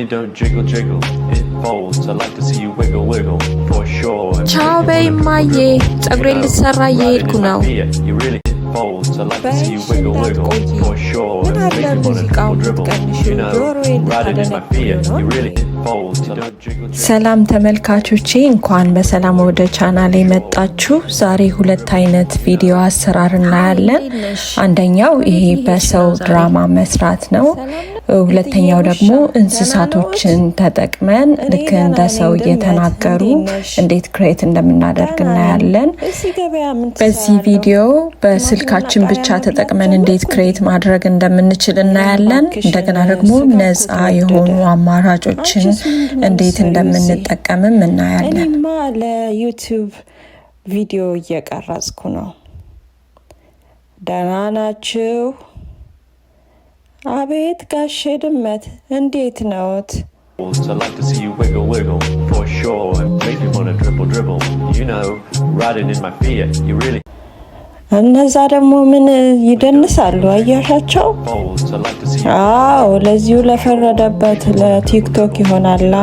me don't jiggle jiggle, it folds. I like to see you wiggle wiggle, for sure. ቻው በይማዬ ጸጉሬን ልሰራ እየሄድኩ ነው። በእንሽ እንዳትቆይ ምን አለ ሙዚቃውን ብትቀንሽ ጆሮዬን ልታደነቅ ነው ሰላም ተመልካቾቼ፣ እንኳን በሰላም ወደ ቻናል የመጣችሁ። ዛሬ ሁለት አይነት ቪዲዮ አሰራር እናያለን። አንደኛው ይሄ በሰው ድራማ መስራት ነው። ሁለተኛው ደግሞ እንስሳቶችን ተጠቅመን ልክ እንደ ሰው እየተናገሩ እንዴት ክሬት እንደምናደርግ እናያለን። በዚህ ቪዲዮ በስልካችን ብቻ ተጠቅመን እንዴት ክሬት ማድረግ እንደምንችል እናያለን። እንደገና ደግሞ ነፃ የሆኑ አማራጮችን እንዴት እንደምንጠቀምም እናያለን። እኔማ ለዩቲዩብ ቪዲዮ እየቀረጽኩ ነው። ደህና ናችሁ? አቤት ጋሼ ድመት እንዴት ነዎት? እነዛ ደግሞ ምን ይደንሳሉ አያሻቸው? አዎ ለዚሁ ለፈረደበት ለቲክቶክ ይሆናላ።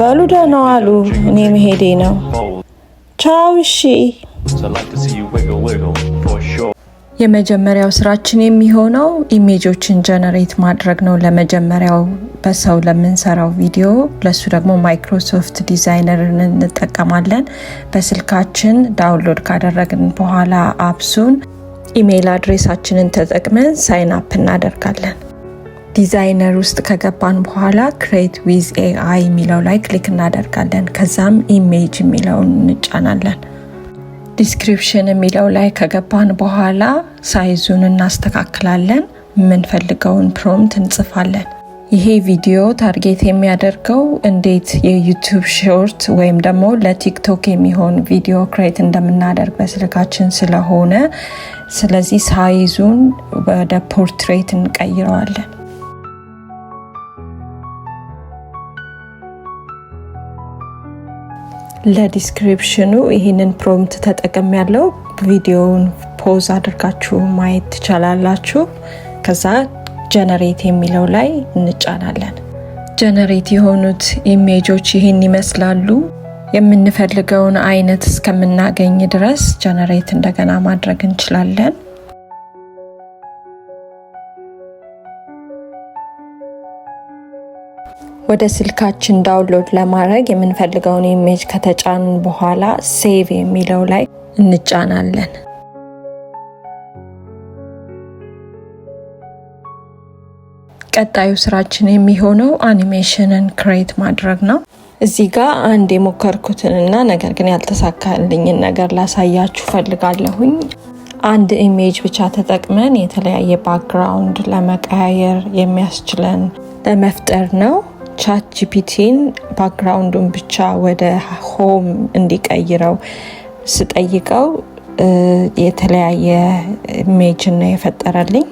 በሉ ደህና ዋሉ። እኔ መሄዴ ነው። ቻው እሺ። የመጀመሪያው ስራችን የሚሆነው ኢሜጆችን ጀነሬት ማድረግ ነው። ለመጀመሪያው በሰው ለምንሰራው ቪዲዮ ለሱ ደግሞ ማይክሮሶፍት ዲዛይነርን እንጠቀማለን። በስልካችን ዳውንሎድ ካደረግን በኋላ አፕሱን ኢሜይል አድሬሳችንን ተጠቅመን ሳይን አፕ እናደርጋለን። ዲዛይነር ውስጥ ከገባን በኋላ ክሬት ዊዝ ኤአይ የሚለው ላይ ክሊክ እናደርጋለን። ከዛም ኢሜጅ የሚለውን እንጫናለን። ዲስክሪፕሽን የሚለው ላይ ከገባን በኋላ ሳይዙን እናስተካክላለን። የምንፈልገውን ፕሮምት እንጽፋለን። ይሄ ቪዲዮ ታርጌት የሚያደርገው እንዴት የዩቱብ ሾርት ወይም ደግሞ ለቲክቶክ የሚሆን ቪዲዮ ክሬት እንደምናደርግ በስልካችን ስለሆነ፣ ስለዚህ ሳይዙን ወደ ፖርትሬት እንቀይረዋለን። ለዲስክሪፕሽኑ ይህንን ፕሮምት ተጠቅም ያለው ቪዲዮውን ፖዝ አድርጋችሁ ማየት ትችላላችሁ። ከዛ ጀነሬት የሚለው ላይ እንጫናለን። ጀነሬት የሆኑት ኢሜጆች ይህን ይመስላሉ። የምንፈልገውን አይነት እስከምናገኝ ድረስ ጀነሬት እንደገና ማድረግ እንችላለን። ወደ ስልካችን ዳውንሎድ ለማድረግ የምንፈልገውን ኢሜጅ ከተጫንን በኋላ ሴቭ የሚለው ላይ እንጫናለን። ቀጣዩ ስራችን የሚሆነው አኒሜሽንን ክሬት ማድረግ ነው። እዚህ ጋር አንድ የሞከርኩትንና ነገር ግን ያልተሳካልኝን ነገር ላሳያችሁ ፈልጋለሁኝ። አንድ ኢሜጅ ብቻ ተጠቅመን የተለያየ ባክግራውንድ ለመቀያየር የሚያስችለን ለመፍጠር ነው። ቻት ጂፒቲን ባክግራውንዱን ብቻ ወደ ሆም እንዲቀይረው ስጠይቀው የተለያየ ኢሜጅ ነው የፈጠረልኝ።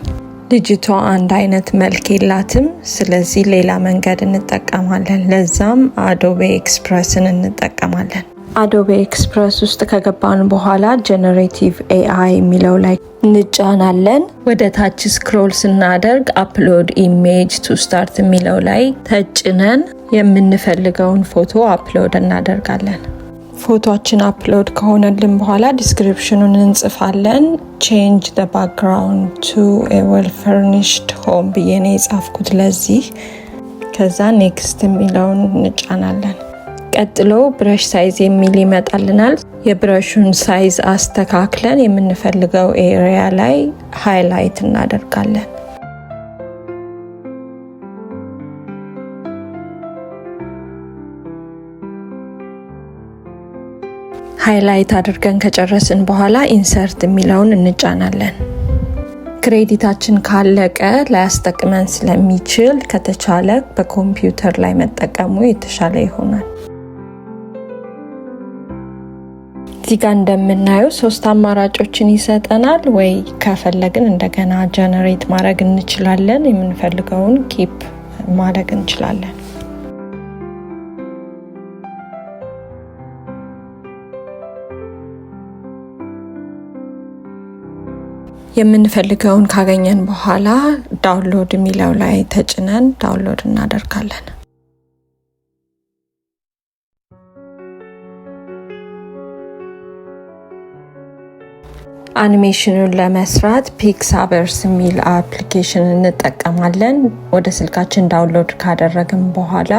ልጅቷ አንድ አይነት መልክ የላትም። ስለዚህ ሌላ መንገድ እንጠቀማለን። ለዛም አዶቤ ኤክስፕረስን እንጠቀማለን። አዶቤ ኤክስፕረስ ውስጥ ከገባን በኋላ ጀነሬቲቭ ኤአይ የሚለው ላይ እንጫናለን። ወደ ታች ስክሮል ስናደርግ አፕሎድ ኢሜጅ ቱ ስታርት የሚለው ላይ ተጭነን የምንፈልገውን ፎቶ አፕሎድ እናደርጋለን። ፎቶችን አፕሎድ ከሆነልን በኋላ ዲስክሪፕሽኑን እንጽፋለን። ቼንጅ ደ ባክግራውንድ ቱ ዌል ፈርኒሽድ ሆም ብዬ ነው የጻፍኩት ለዚህ። ከዛ ኔክስት የሚለውን እንጫናለን። ቀጥሎ ብረሽ ሳይዝ የሚል ይመጣልናል። የብረሹን ሳይዝ አስተካክለን የምንፈልገው ኤሪያ ላይ ሃይላይት እናደርጋለን። ሃይላይት አድርገን ከጨረስን በኋላ ኢንሰርት የሚለውን እንጫናለን። ክሬዲታችን ካለቀ ላያስጠቅመን ስለሚችል ከተቻለ በኮምፒውተር ላይ መጠቀሙ የተሻለ ይሆናል። እዚህ ጋር እንደምናየው ሶስት አማራጮችን ይሰጠናል። ወይ ከፈለግን እንደገና ጀነሬት ማድረግ እንችላለን። የምንፈልገውን ኪፕ ማድረግ እንችላለን። የምንፈልገውን ካገኘን በኋላ ዳውንሎድ የሚለው ላይ ተጭነን ዳውንሎድ እናደርጋለን። አኒሜሽኑን ለመስራት ፒክሳቨርስ የሚል አፕሊኬሽን እንጠቀማለን። ወደ ስልካችን ዳውንሎድ ካደረግን በኋላ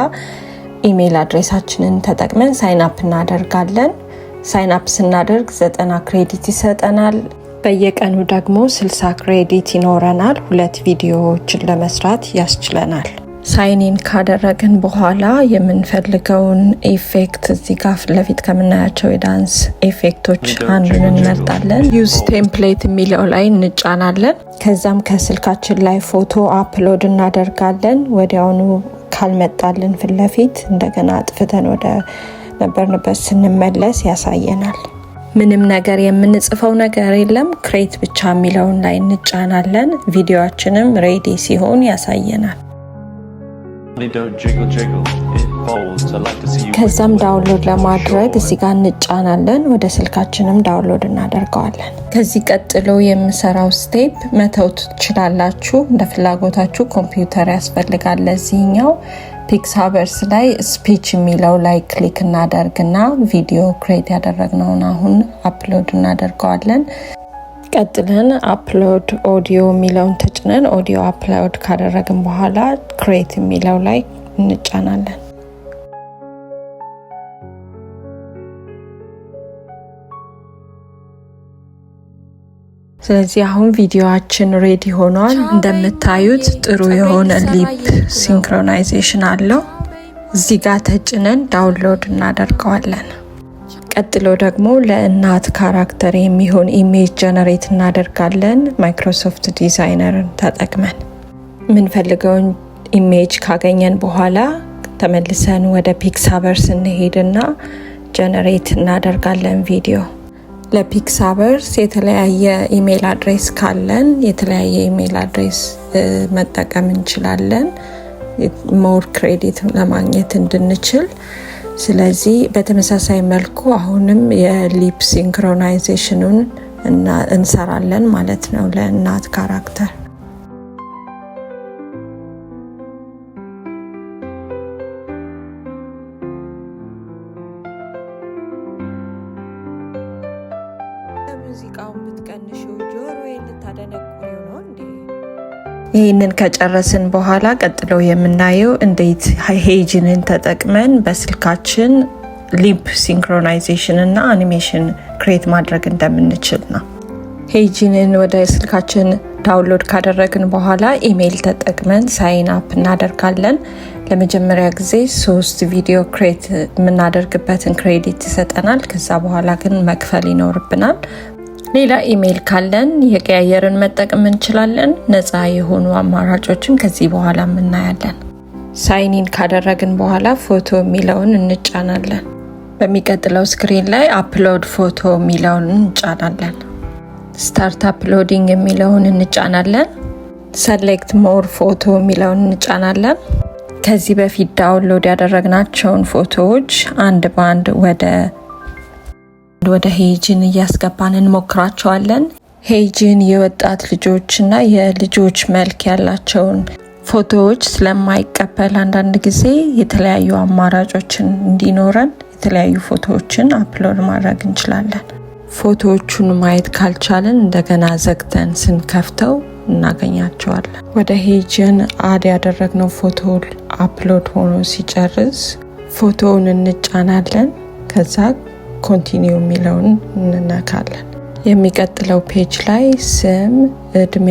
ኢሜይል አድሬሳችንን ተጠቅመን ሳይን አፕ እናደርጋለን። ሳይን አፕ ስናደርግ ዘጠና ክሬዲት ይሰጠናል። በየቀኑ ደግሞ ስልሳ ክሬዲት ይኖረናል። ሁለት ቪዲዮዎችን ለመስራት ያስችለናል። ሳይኒን ካደረግን በኋላ የምንፈልገውን ኢፌክት እዚህ ጋር ፊት ለፊት ከምናያቸው የዳንስ ኢፌክቶች አንዱን እንመርጣለን። ዩዝ ቴምፕሌት የሚለው ላይ እንጫናለን። ከዛም ከስልካችን ላይ ፎቶ አፕሎድ እናደርጋለን። ወዲያውኑ ካልመጣልን ፊት ለፊት እንደገና አጥፍተን ወደ ነበርንበት ስንመለስ ያሳየናል። ምንም ነገር የምንጽፈው ነገር የለም። ክሬት ብቻ የሚለውን ላይ እንጫናለን። ቪዲዮችንም ሬዲ ሲሆን ያሳየናል። ከዛም ዳውንሎድ ለማድረግ እዚህ ጋር እንጫናለን። ወደ ስልካችንም ዳውንሎድ እናደርገዋለን። ከዚህ ቀጥሎ የምሰራው ስቴፕ መተው ትችላላችሁ፣ እንደ ፍላጎታችሁ። ኮምፒውተር ያስፈልጋል ለዚህኛው። ፒክሳቨርስ ላይ ስፒች የሚለው ላይ ክሊክ እናደርግና ቪዲዮ ክሬት ያደረግነውን አሁን አፕሎድ እናደርገዋለን። ቀጥለን አፕሎድ ኦዲዮ የሚለውን ተጭነን ኦዲዮ አፕሎድ ካደረግን በኋላ ክሬት የሚለው ላይ እንጫናለን። ስለዚህ አሁን ቪዲዮችን ሬዲ ሆኗል። እንደምታዩት ጥሩ የሆነ ሊፕ ሲንክሮናይዜሽን አለው። እዚህ ጋር ተጭነን ዳውንሎድ እናደርገዋለን። ቀጥሎ ደግሞ ለእናት ካራክተር የሚሆን ኢሜጅ ጀነሬት እናደርጋለን ማይክሮሶፍት ዲዛይነርን ተጠቅመን። የምንፈልገውን ኢሜጅ ካገኘን በኋላ ተመልሰን ወደ ፒክሳቨርስ እንሄድና ጀነሬት እናደርጋለን ቪዲዮ። ለፒክሳቨርስ የተለያየ ኢሜል አድሬስ ካለን የተለያየ ኢሜል አድሬስ መጠቀም እንችላለን ሞር ክሬዲት ለማግኘት እንድንችል ስለዚህ በተመሳሳይ መልኩ አሁንም የሊፕ ሲንክሮናይዜሽኑን እንሰራለን ማለት ነው ለእናት ካራክተር ይህንን ከጨረስን በኋላ ቀጥሎ የምናየው እንዴት ሄጅንን ተጠቅመን በስልካችን ሊፕ ሲንክሮናይዜሽን እና አኒሜሽን ክሬት ማድረግ እንደምንችል ነው። ሄጅንን ወደ ስልካችን ዳውንሎድ ካደረግን በኋላ ኢሜይል ተጠቅመን ሳይን አፕ እናደርጋለን። ለመጀመሪያ ጊዜ ሶስት ቪዲዮ ክሬት የምናደርግበትን ክሬዲት ይሰጠናል። ከዛ በኋላ ግን መክፈል ይኖርብናል። ሌላ ኢሜይል ካለን የቀያየርን መጠቀም እንችላለን። ነፃ የሆኑ አማራጮችን ከዚህ በኋላ እናያለን። ሳይኒን ካደረግን በኋላ ፎቶ የሚለውን እንጫናለን። በሚቀጥለው ስክሪን ላይ አፕሎድ ፎቶ የሚለውን እንጫናለን። ስታርት አፕሎዲንግ የሚለውን እንጫናለን። ሰሌክት ሞር ፎቶ የሚለውን እንጫናለን። ከዚህ በፊት ዳውንሎድ ያደረግናቸውን ፎቶዎች አንድ በአንድ ወደ ወደ ሄጅን እያስገባን እንሞክራቸዋለን። ሄጅን የወጣት ልጆችና የልጆች መልክ ያላቸውን ፎቶዎች ስለማይቀበል አንዳንድ ጊዜ የተለያዩ አማራጮችን እንዲኖረን የተለያዩ ፎቶዎችን አፕሎድ ማድረግ እንችላለን። ፎቶዎቹን ማየት ካልቻለን እንደገና ዘግተን ስንከፍተው እናገኛቸዋለን። ወደ ሄጅን አድ ያደረግነው ፎቶ አፕሎድ ሆኖ ሲጨርስ ፎቶውን እንጫናለን ከዛ ኮንቲኒው የሚለውን እንነካለን። የሚቀጥለው ፔጅ ላይ ስም፣ እድሜ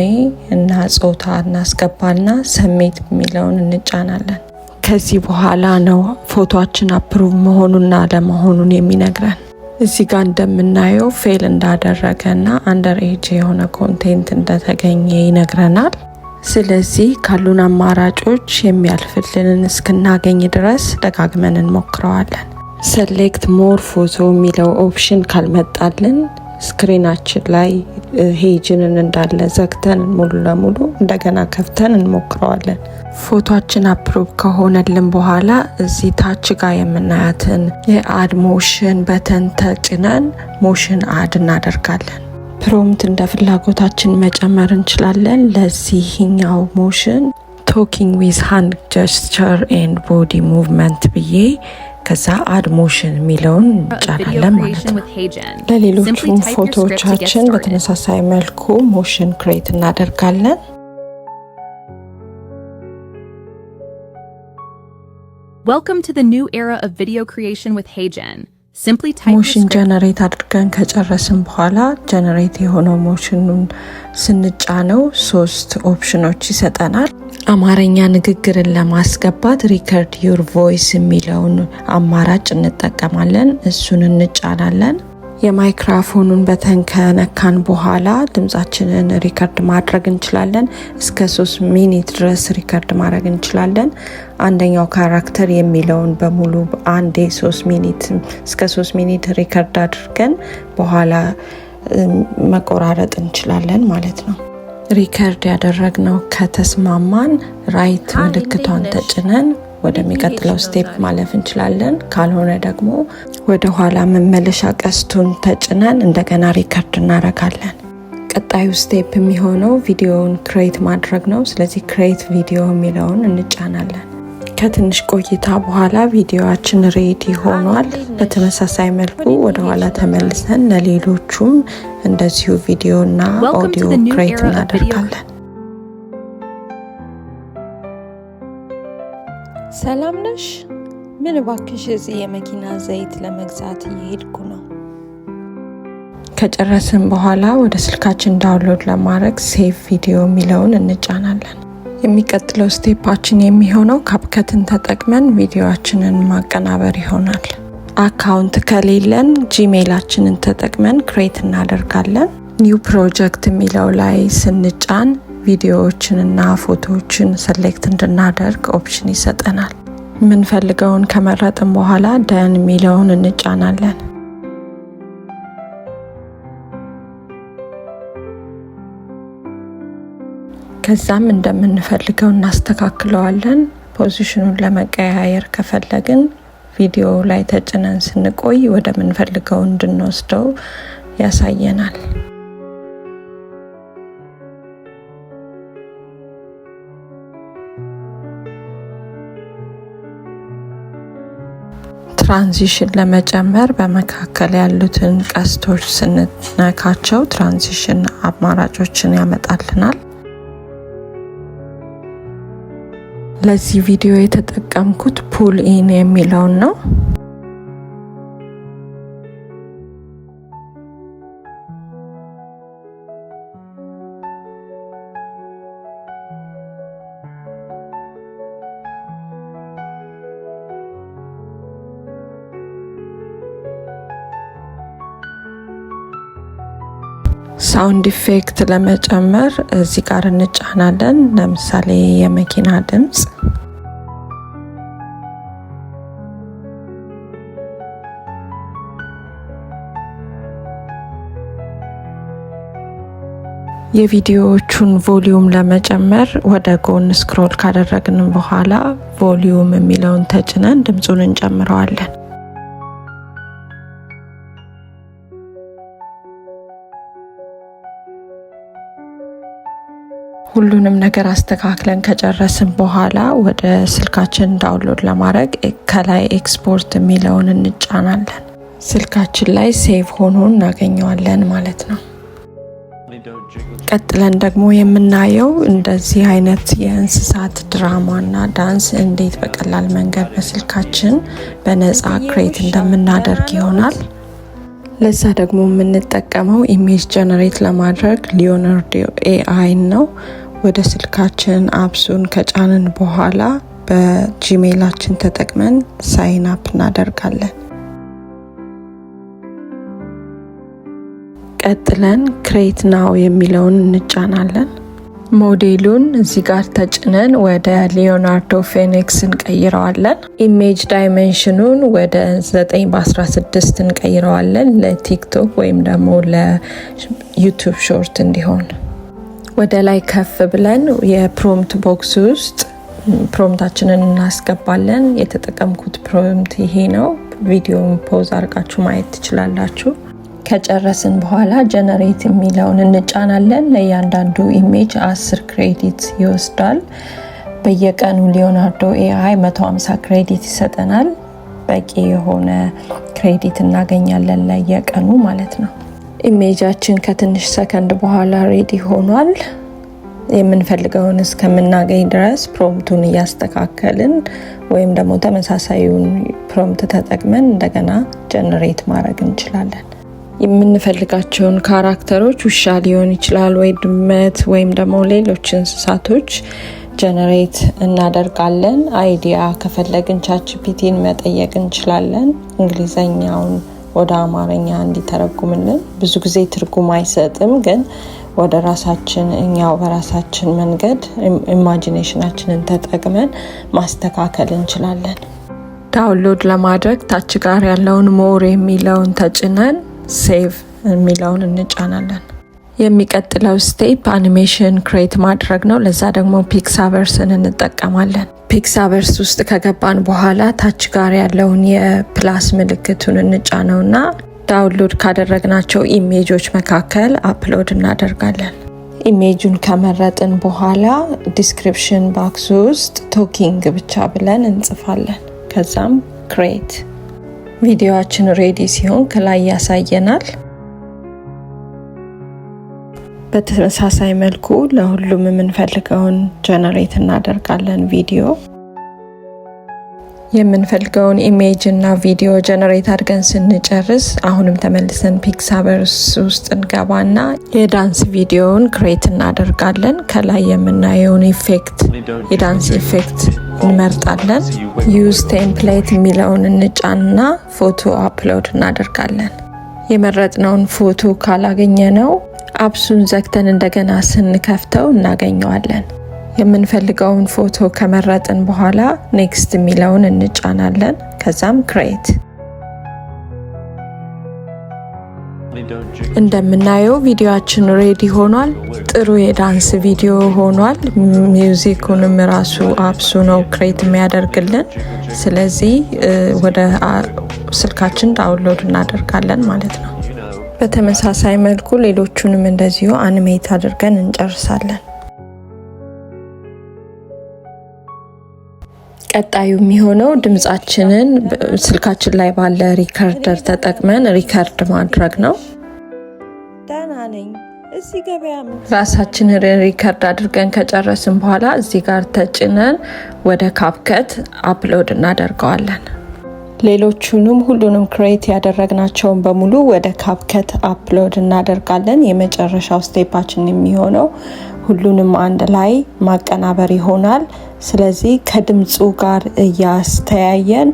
እና ጾታ እናስገባና ሰሜት የሚለውን እንጫናለን። ከዚህ በኋላ ነው ፎቶችን አፕሩቭ መሆኑና ለመሆኑን የሚነግረን። እዚህ ጋር እንደምናየው ፌል እንዳደረገና አንደር ኤጅ የሆነ ኮንቴንት እንደተገኘ ይነግረናል። ስለዚህ ካሉን አማራጮች የሚያልፍልንን እስክናገኝ ድረስ ደጋግመን እንሞክረዋለን። ሰሌክት ሞር ፎቶ የሚለው ኦፕሽን ካልመጣልን ስክሪናችን ላይ ሄጅንን እንዳለ ዘግተን ሙሉ ለሙሉ እንደገና ከፍተን እንሞክረዋለን። ፎቶችን አፕሮቭ ከሆነልን በኋላ እዚህ ታች ጋር የምናያትን የአድ ሞሽን በተን ተጭነን ሞሽን አድ እናደርጋለን። ፕሮምት እንደ ፍላጎታችን መጨመር እንችላለን። ለዚህኛው ሞሽን ቶኪንግ ዊዝ ሃንድ ጀስቸር ኤንድ ቦዲ ሙቭመንት ብዬ ከዛ አድሞሽን የሚለውን እንጫናለን ማለት ነው። ለሌሎቹም ፎቶዎቻችን በተመሳሳይ መልኩ ሞሽን ክሬት እናደርጋለን። Welcome to the new era of video creation with HeyGen. ሞሽን ጀነሬት አድርገን ከጨረስን በኋላ ጀነሬት የሆነው ሞሽኑን ስንጫነው ሶስት ኦፕሽኖች ይሰጠናል። አማርኛ ንግግርን ለማስገባት ሪከርድ ዩር ቮይስ የሚለውን አማራጭ እንጠቀማለን። እሱን እንጫናለን። የማይክራፎኑን በተን ከነካን በኋላ ድምጻችንን ሪከርድ ማድረግ እንችላለን። እስከ ሶስት ሚኒት ድረስ ሪከርድ ማድረግ እንችላለን። አንደኛው ካራክተር የሚለውን በሙሉ አንዴ ሶስት ሚኒት እስከ ሶስት ሚኒት ሪከርድ አድርገን በኋላ መቆራረጥ እንችላለን ማለት ነው። ሪከርድ ያደረግነው ከተስማማን ራይት ምልክቷን ተጭነን ወደሚቀጥለው ስቴፕ ማለፍ እንችላለን። ካልሆነ ደግሞ ወደ ኋላ መመለሻ ቀስቱን ተጭነን እንደገና ሪከርድ እናረጋለን። ቀጣዩ ስቴፕ የሚሆነው ቪዲዮውን ክሬት ማድረግ ነው። ስለዚህ ክሬት ቪዲዮ የሚለውን እንጫናለን። ከትንሽ ቆይታ በኋላ ቪዲዮችን ሬዲ ሆኗል። በተመሳሳይ መልኩ ወደ ኋላ ተመልሰን ለሌሎቹም እንደዚሁ ቪዲዮና ኦዲዮ ክሬት እናደርጋለን። ሰላም ነሽ? ምን ባክሽ፣ እዚህ የመኪና ዘይት ለመግዛት እየሄድኩ ነው። ከጨረስን በኋላ ወደ ስልካችን ዳውንሎድ ለማድረግ ሴቭ ቪዲዮ የሚለውን እንጫናለን። የሚቀጥለው ስቴፓችን የሚሆነው ካፕከትን ተጠቅመን ቪዲዮችንን ማቀናበር ይሆናል። አካውንት ከሌለን ጂሜላችንን ተጠቅመን ክሬት እናደርጋለን። ኒው ፕሮጀክት የሚለው ላይ ስንጫን ቪዲዮዎችንና ፎቶዎችን ሰሌክት እንድናደርግ ኦፕሽን ይሰጠናል። የምንፈልገውን ከመረጥን በኋላ ደን የሚለውን እንጫናለን። ከዛም እንደምንፈልገው እናስተካክለዋለን። ፖዚሽኑን ለመቀያየር ከፈለግን ቪዲዮ ላይ ተጭነን ስንቆይ ወደምንፈልገው እንድንወስደው ያሳየናል። ትራንዚሽን ለመጨመር በመካከል ያሉትን ቀስቶች ስንነካቸው ትራንዚሽን አማራጮችን ያመጣልናል። ለዚህ ቪዲዮ የተጠቀምኩት ፑል ኢን የሚለውን ነው። ሳውንድ ኢፌክት ለመጨመር እዚህ ጋር እንጫናለን። ለምሳሌ የመኪና ድምፅ የቪዲዮዎቹን ቮሊዩም ለመጨመር ወደ ጎን ስክሮል ካደረግንም በኋላ ቮሊዩም የሚለውን ተጭነን ድምፁን እንጨምረዋለን። ሁሉንም ነገር አስተካክለን ከጨረስን በኋላ ወደ ስልካችን ዳውንሎድ ለማድረግ ከላይ ኤክስፖርት የሚለውን እንጫናለን። ስልካችን ላይ ሴቭ ሆኖ እናገኘዋለን ማለት ነው። ቀጥለን ደግሞ የምናየው እንደዚህ አይነት የእንስሳት ድራማና ዳንስ እንዴት በቀላል መንገድ በስልካችን በነፃ ክሬት እንደምናደርግ ይሆናል። ለዛ ደግሞ የምንጠቀመው ኢሜጅ ጀነሬት ለማድረግ ሊዮናርዶ ኤአይ ነው። ወደ ስልካችን አፕሱን ከጫንን በኋላ በጂሜይላችን ተጠቅመን ሳይን አፕ እናደርጋለን። ቀጥለን ክሬት ናው የሚለውን እንጫናለን። ሞዴሉን እዚህ ጋር ተጭነን ወደ ሊዮናርዶ ፌኒክስ እንቀይረዋለን። ኢሜጅ ዳይመንሽኑን ወደ 9 በ16 እንቀይረዋለን ለቲክቶክ ወይም ደግሞ ለዩቱብ ሾርት እንዲሆን። ወደ ላይ ከፍ ብለን የፕሮምት ቦክስ ውስጥ ፕሮምታችንን እናስገባለን። የተጠቀምኩት ፕሮምት ይሄ ነው። ቪዲዮን ፖዝ አድርጋችሁ ማየት ትችላላችሁ። ከጨረስን በኋላ ጀነሬት የሚለውን እንጫናለን። ለእያንዳንዱ ኢሜጅ 10 ክሬዲት ይወስዳል። በየቀኑ ሊዮናርዶ ኤአይ 150 ክሬዲት ይሰጠናል። በቂ የሆነ ክሬዲት እናገኛለን ለየቀኑ ማለት ነው። ኢሜጃችን ከትንሽ ሰከንድ በኋላ ሬዲ ሆኗል። የምንፈልገውን እስከምናገኝ ድረስ ፕሮምቱን እያስተካከልን ወይም ደግሞ ተመሳሳዩን ፕሮምት ተጠቅመን እንደገና ጀነሬት ማድረግ እንችላለን። የምንፈልጋቸውን ካራክተሮች ውሻ ሊሆን ይችላል ወይ ድመት ወይም ደግሞ ሌሎች እንስሳቶች ጀነሬት እናደርጋለን። አይዲያ ከፈለግን ቻችፒቲን መጠየቅ እንችላለን። እንግሊዘኛውን ወደ አማርኛ እንዲተረጉምልን ብዙ ጊዜ ትርጉም አይሰጥም፣ ግን ወደ ራሳችን እኛው በራሳችን መንገድ ኢማጂኔሽናችንን ተጠቅመን ማስተካከል እንችላለን። ዳውንሎድ ለማድረግ ታች ጋር ያለውን ሞር የሚለውን ተጭነን ሴቭ የሚለውን እንጫናለን። የሚቀጥለው ስቴፕ አኒሜሽን ክሬት ማድረግ ነው። ለዛ ደግሞ ፒክሳቨርስን እንጠቀማለን። ፒክሳቨርስ ውስጥ ከገባን በኋላ ታች ጋር ያለውን የፕላስ ምልክቱን እና ዳውንሎድ ካደረግናቸው ኢሜጆች መካከል አፕሎድ እናደርጋለን። ኢሜጁን ከመረጥን በኋላ ዲስክሪፕሽን ባክስ ውስጥ ቶኪንግ ብቻ ብለን እንጽፋለን። ከዛም ክሬት ቪዲዮአችን ሬዲ ሲሆን ከላይ ያሳየናል። በተመሳሳይ መልኩ ለሁሉም የምንፈልገውን ጀነሬት እናደርጋለን ቪዲዮ የምንፈልገውን ኢሜጅ እና ቪዲዮ ጀነሬት አድርገን ስንጨርስ አሁንም ተመልሰን ፒክሳቨርስ ውስጥ እንገባና የዳንስ ቪዲዮውን ክሬት እናደርጋለን። ከላይ የምናየውን ኢፌክት የዳንስ ኢፌክት እንመርጣለን። ዩዝ ቴምፕሌት የሚለውን እንጫንና ፎቶ አፕሎድ እናደርጋለን። የመረጥነውን ፎቶ ካላገኘ ነው አፕሱን ዘግተን እንደገና ስንከፍተው እናገኘዋለን። የምንፈልገውን ፎቶ ከመረጥን በኋላ ኔክስት የሚለውን እንጫናለን። ከዛም ክሬት። እንደምናየው ቪዲዮችን ሬዲ ሆኗል። ጥሩ የዳንስ ቪዲዮ ሆኗል። ሚውዚኩንም ራሱ አፕሱ ነው ክሬት የሚያደርግልን። ስለዚህ ወደ ስልካችን ዳውንሎድ እናደርጋለን ማለት ነው። በተመሳሳይ መልኩ ሌሎቹንም እንደዚሁ አንሜት አድርገን እንጨርሳለን። ቀጣዩ የሚሆነው ድምጻችንን ስልካችን ላይ ባለ ሪከርደር ተጠቅመን ሪከርድ ማድረግ ነው። ራሳችንን ሪከርድ አድርገን ከጨረስን በኋላ እዚህ ጋር ተጭነን ወደ ካፕከት አፕሎድ እናደርገዋለን። ሌሎቹንም ሁሉንም ክሬት ያደረግናቸውን በሙሉ ወደ ካፕከት አፕሎድ እናደርጋለን። የመጨረሻው ስቴፓችን የሚሆነው ሁሉንም አንድ ላይ ማቀናበር ይሆናል። ስለዚህ ከድምፁ ጋር እያስተያየን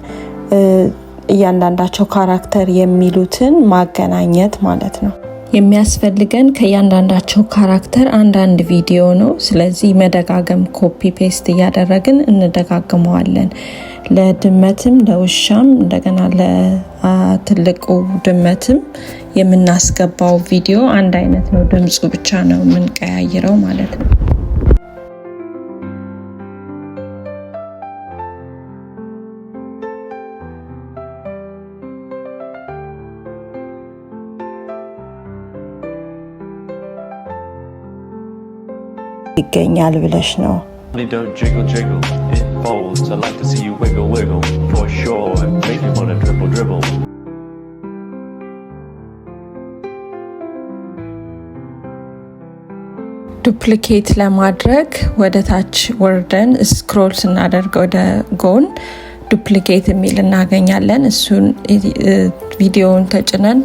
እያንዳንዳቸው ካራክተር የሚሉትን ማገናኘት ማለት ነው። የሚያስፈልገን ከእያንዳንዳቸው ካራክተር አንዳንድ ቪዲዮ ነው። ስለዚህ መደጋገም ኮፒ ፔስት እያደረግን እንደጋግመዋለን። ለድመትም ለውሻም እንደገና ለትልቁ ድመትም የምናስገባው ቪዲዮ አንድ አይነት ነው። ድምፁ ብቻ ነው የምንቀያይረው ማለት ነው። ይገኛል ብለሽ ነው folds. I like to see you wiggle, wiggle, for sure. And make me wanna dribble, dribble. ዱፕሊኬት ለማድረግ ወደ ታች ወርደን ስክሮል ስናደርግ ወደ ጎን ዱፕሊኬት የሚል እናገኛለን። እሱን ቪዲዮውን ተጭነን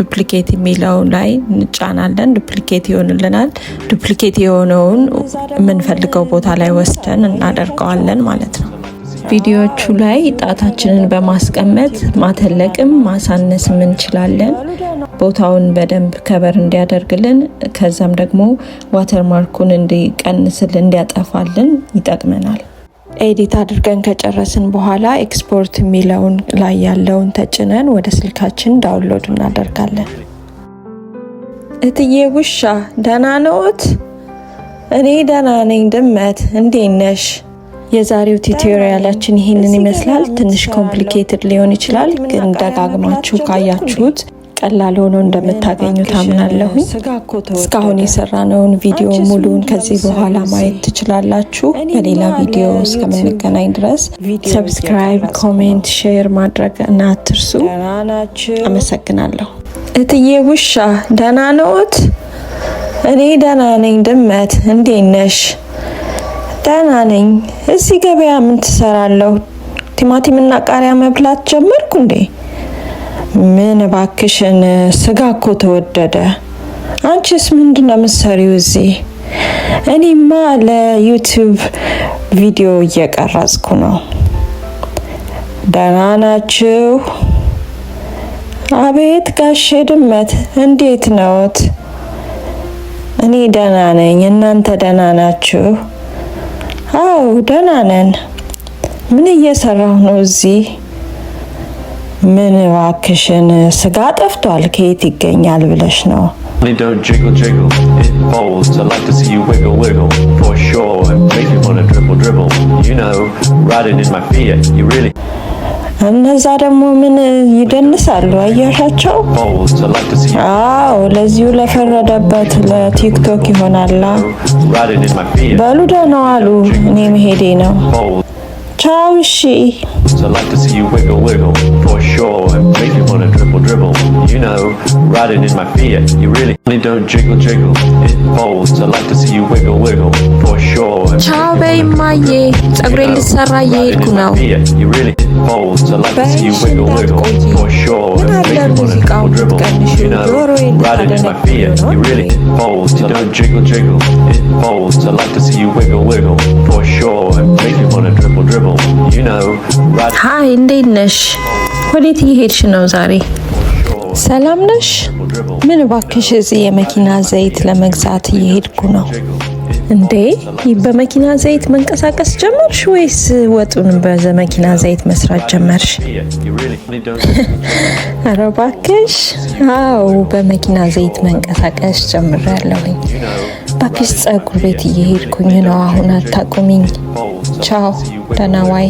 ዱፕሊኬት የሚለው ላይ እንጫናለን። ዱፕሊኬት ይሆንልናል። ዱፕሊኬት የሆነውን የምንፈልገው ቦታ ላይ ወስደን እናደርገዋለን ማለት ነው። ቪዲዮቹ ላይ ጣታችንን በማስቀመጥ ማተለቅም ማሳነስም እንችላለን። ቦታውን በደንብ ከበር እንዲያደርግልን ከዛም ደግሞ ዋተርማርኩን እንዲቀንስልን እንዲያጠፋልን ይጠቅመናል። ኤዲት አድርገን ከጨረስን በኋላ ኤክስፖርት የሚለውን ላይ ያለውን ተጭነን ወደ ስልካችን ዳውንሎድ እናደርጋለን። እትዬ ውሻ ደህና ነዎት? እኔ ደህና ነኝ። ድመት እንዴት ነሽ? የዛሬው ቲዩቶሪያላችን ይህንን ይመስላል። ትንሽ ኮምፕሊኬትድ ሊሆን ይችላል፣ ግን ደጋግማችሁ ካያችሁት ቀላል ሆኖ እንደምታገኙ ታምናለሁኝ። እስካሁን የሰራነውን ቪዲዮ ሙሉን ከዚህ በኋላ ማየት ትችላላችሁ። በሌላ ቪዲዮ እስከምንገናኝ ድረስ ሰብስክራይብ፣ ኮሜንት፣ ሼር ማድረግ እናትርሱ። አመሰግናለሁ። እትዬ ውሻ ደህና ነዎት? እኔ ደህና ነኝ። ድመት እንዴት ነሽ? ደህና ነኝ። እዚህ ገበያ ምን ትሰራለሁ? ቲማቲምና ቃሪያ መብላት ጀመርኩ እንዴ? ምን እባክሽን፣ ስጋ እኮ ተወደደ። አንቺስ ምንድን ነው የምትሰሪው እዚህ? እኔማ ለዩቲዩብ ቪዲዮ እየቀረጽኩ ነው። ደህና ናችሁ? አቤት ጋሼ ድመት እንዴት ነዎት? እኔ ደህና ነኝ። እናንተ ደህና ናችሁ? አው ደህና ነን። ምን እየሰራሁ ነው እዚህ? ምን እባክሽን፣ ስጋ ጠፍቷል ከየት ይገኛል ብለሽ ነው? እነዛ ደግሞ ምን ይደንሳሉ? አያሻቸው? አዎ፣ ለዚሁ ለፈረደበት ለቲክቶክ ይሆናላ። በሉ ደህና ዋሉ። እኔ መሄዴ ነው። How is she? I like to see you wiggle, wiggle, for sure. Make you wanna dribble, dribble. You know, riding in my Fiat, you really. ቻው በይ እማዬ፣ ጸጉሬን ልሰራ እየሄድኩ ነው። ሀይ እንዴት ነሽ? ወዴት እየሄድሽ ነው ዛሬ? ሰላም ነሽ? ምን ባክሽ፣ እዚህ የመኪና ዘይት ለመግዛት እየሄድኩ ነው። እንዴ በመኪና ዘይት መንቀሳቀስ ጀመርሽ ወይስ ወጡን በመኪና ዘይት መስራት ጀመርሽ? ኧረ ባክሽ፣ አዎ በመኪና ዘይት መንቀሳቀስ ጀምሬያለሁኝ። ባክሽ ጸጉር ቤት እየሄድኩኝ ነው አሁን፣ አታቁሚኝ። ቻው፣ ደህና ዋይ።